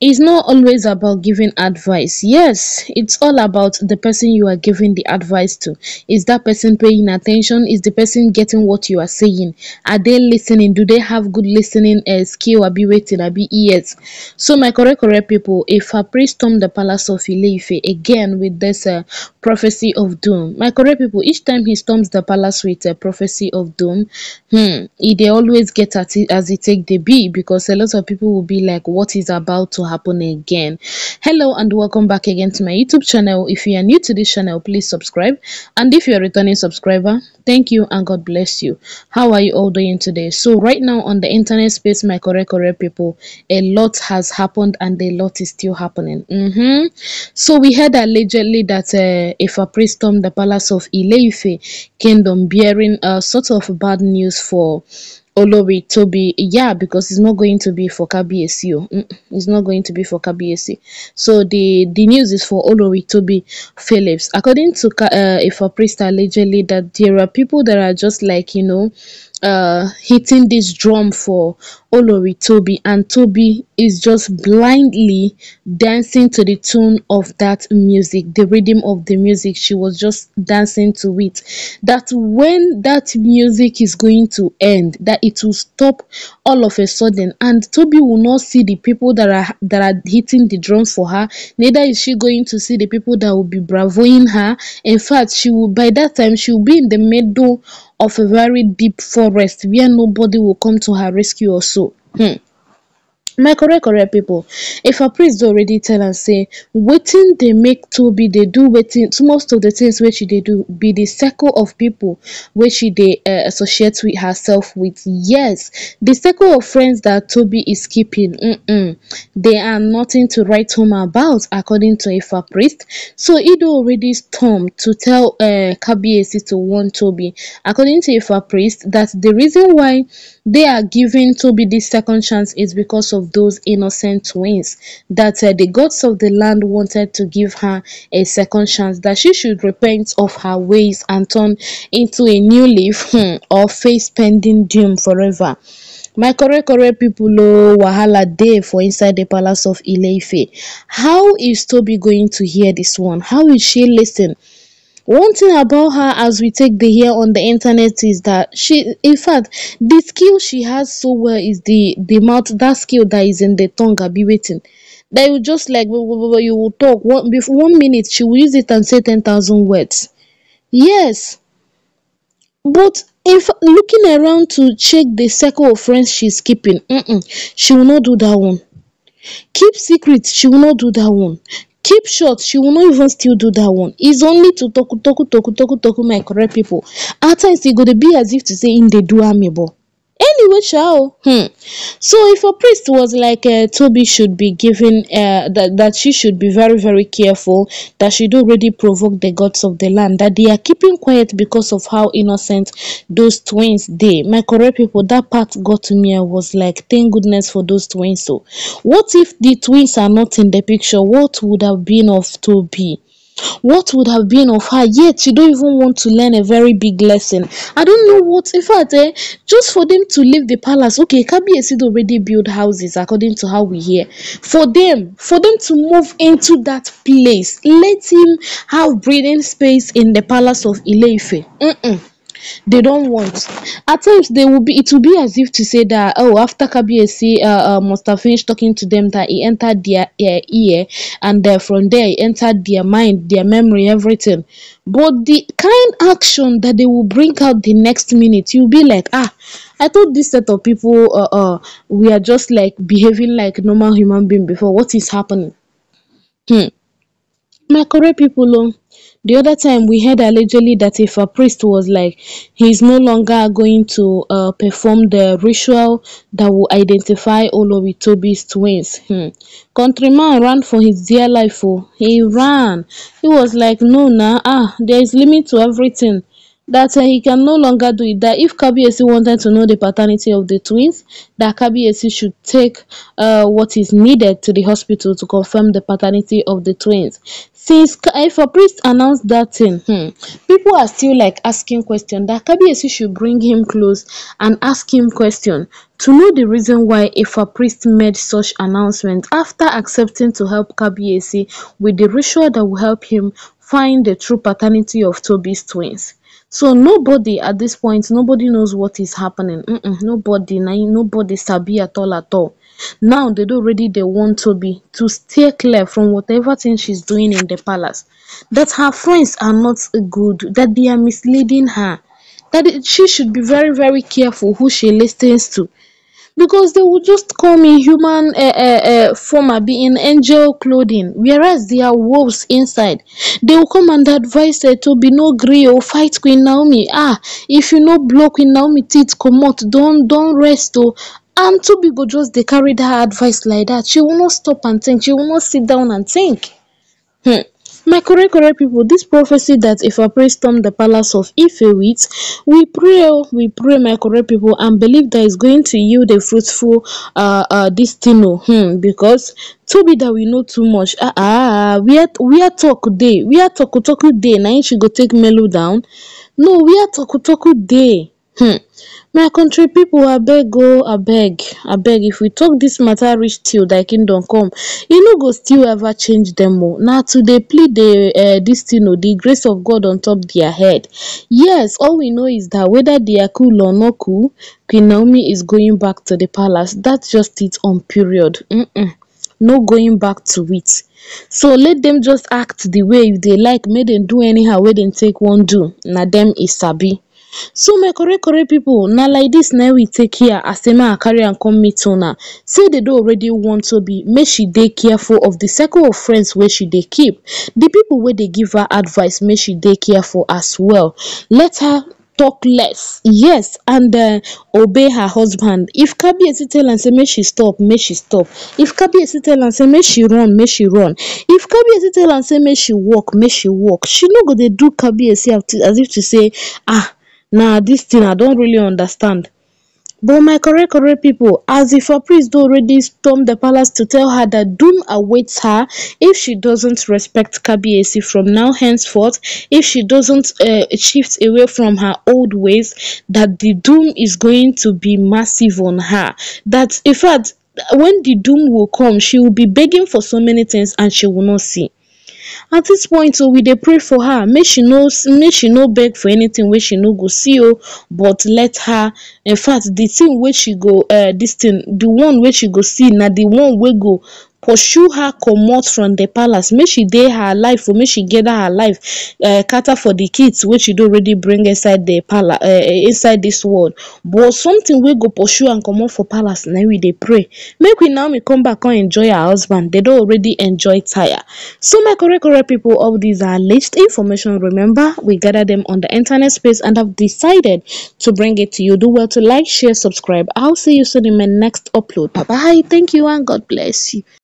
it's not always about giving advice yes it's all about the person you are giving the advice to is that person paying attention is the person getting what you are saying are they listening do they have good listening uh, skill abi wetin be ears so my correct correct people if priest stormed the palace of Ilife again with this uh, prophecy of doom my correct people each time he storms the palace with a prophecy of doom hmm he they always get at it as it take the be because a lot of people will be like what is about to happen again hello and welcome back again to my youtube channel if you are new to this channel please subscribe and if you're a returning subscriber thank you and god bless you how are you all doing today so right now on the internet space my correct correct people a lot has happened and a lot is still happening mm -hmm. so we heard allegedly that uh, if a priest stormed the palace of ileife kingdom bearing a uh, sort of bad news for Olori Toby. Yeah, because it's not going to be for KBSU. Oh. Mm, it's not going to be for KBSU. So the the news is for Olori Toby Phillips. According to uh, if a priest allegedly that there are people that are just like you know uh, hitting this drum for Olori Toby, and Toby is just blindly dancing to the tune of that music, the rhythm of the music. She was just dancing to it. That when that music is going to end, that it will stop all of a sudden, and Toby will not see the people that are that are hitting the drum for her. Neither is she going to see the people that will be bravoing her. In fact, she will by that time she will be in the middle of a very deep forest where nobody will come to her rescue or so hmm my correct correct people. if a priest already tell and say, waiting they make Toby, they do waiting. most of the things which they do be the circle of people which she dey eh, associate with herself with yes the circle of friends that Toby is keeping mm, they are nothing to write home about according to a priest so e don already storm to tell um kabiyesi to warn Toby, according to a priest that the reason why they are giving Toby this second chance is because of those innocent twins that uh, the gods of the land wanted to give her a second chance that she should repent of her ways and turn into a new leaf hmm, or face pending doom forever my correct correct people oh wahala day for inside the palace of ileife how is toby going to hear this one how will she listen one thing about her as we take the hair on the internet is that she in fact the skill she has so well is the the mouth that skill that is in the tongue i'll be waiting that you just like you will talk one one minute she will use it and say 10,000 words yes but if looking around to check the circle of friends she's keeping mm -mm, she will not do that one keep secret she will not do that one keep short she will not even still do that one It's only to toku toku toku toku toku my correct people. at times e go dey be as if to say im dey do amebo Which watch out. Hmm. So if a priest was like uh, Toby should be given uh, that that she should be very very careful that she don't already provoke the gods of the land that they are keeping quiet because of how innocent those twins they. My correct people, that part got to me. I was like, thank goodness for those twins. So, what if the twins are not in the picture? What would have been of Toby? What would have been of her? Yet she don't even want to learn a very big lesson. I don't know what. In fact, eh, just for them to leave the palace, okay, said already build houses according to how we hear. For them, for them to move into that place, let him have breathing space in the palace of ile Mm -mm they don't want. At times they will be it will be as if to say that oh after KBSC uh, uh, must have finished talking to them that he entered their uh, ear and uh, from there he entered their mind, their memory, everything. But the kind action that they will bring out the next minute, you'll be like ah I thought this set of people uh, uh we are just like behaving like normal human being before. What is happening? Hmm. My correct people. Oh, the other time we heard allegedly that if a priest was like he's no longer going to uh, perform the ritual that will identify Toby's twins. Hmm. Countryman ran for his dear life. Oh. He ran. He was like, no, nah, ah, there is limit to everything that uh, he can no longer do it. That if Kabiesi wanted to know the paternity of the twins, that Kabiesi should take uh, what is needed to the hospital to confirm the paternity of the twins. Since if a priest announced that thing, hmm, people are still like asking question that Kabiesi should bring him close and ask him question to know the reason why if a priest made such announcement after accepting to help Kabiesi with the ritual that will help him find the true paternity of Toby's twins so nobody at this point nobody knows what is happening Mm-mm, nobody nobody sabi at all at all now they don't already they want to be to stay clear from whatever thing she's doing in the palace that her friends are not good that they are misleading her that she should be very very careful who she listens to because they would just come in human uh, eh, uh, eh, uh, eh, form, be in angel clothing, whereas they are wolves inside. They will come and advise her to be no gree or fight Queen Naomi. Ah, if you no block Queen Naomi teeth, come out, don't, don't rest. Oh. And Tobi go just they carried her advice like that. She will not stop and think, she will not sit down and think. Hmm my correct correct people this prophecy that if pray storm the palace of ife we pray oh, we pray my correct people and believe that is going to yield a fruitful uh, uh destiny oh, hmm, because to be that we know too much ah ah, we are we are talk day we are talk talk day now she go take melo down no we are talk talk day hmm my country pipo abeg beg, abeg abeg if we talk this matter reach till thy kingdom come you no go still ever change them oo oh. Now, to dey plead the um eh, dis thing oh, the grace of God on top their head yes all we know is that whether they are cool or cool Queen Naomi is going back to the palace that's just it on period no going back to it so let them just act the way they like May dem do anyhow wey they take one do na isabi. sabi so my correct correct people now like this now we take here as Emma carry and come meet una say they do already to be make she care careful of the circle of friends where she they keep the people where they give her advice make she care careful as well let her talk less yes and uh, obey her husband if kabiyesi tell and say may she stop may she stop if kabiyesi tell and say may she run may she run if kabiyesi tell and say may she walk may she walk she no go they do kabiyesi as if to say ah now this thing i don't really understand but my correct correct people, as if a priest already stormed the palace to tell her that doom awaits her if she doesn't respect kabiyesi from now henceforth if she doesn't uh, shift away from her old ways that the doom is going to be massive on her that in fact when the doom will come she will be begging for so many things and she will not see at this point so oh, we dey pray for her make she no make she no beg for anything. wey she no go see oh, but let her In fact, the thing wey she go uh, this thing, the one wey she go see na the one wey go pursue her out from the palace make she dey her life For oh, make she gather her life eh, cater for the kids which she don already bring inside the palace eh, inside this world but something we go pursue come out for palace Now we dey pray make now we come back and enjoy her husband They don already enjoy tire so my correct correct people all these are latest information remember we gather them on the internet space and have decided to bring it to you do well to like share subscribe i'll see you soon in my next upload bye bye thank you and god bless you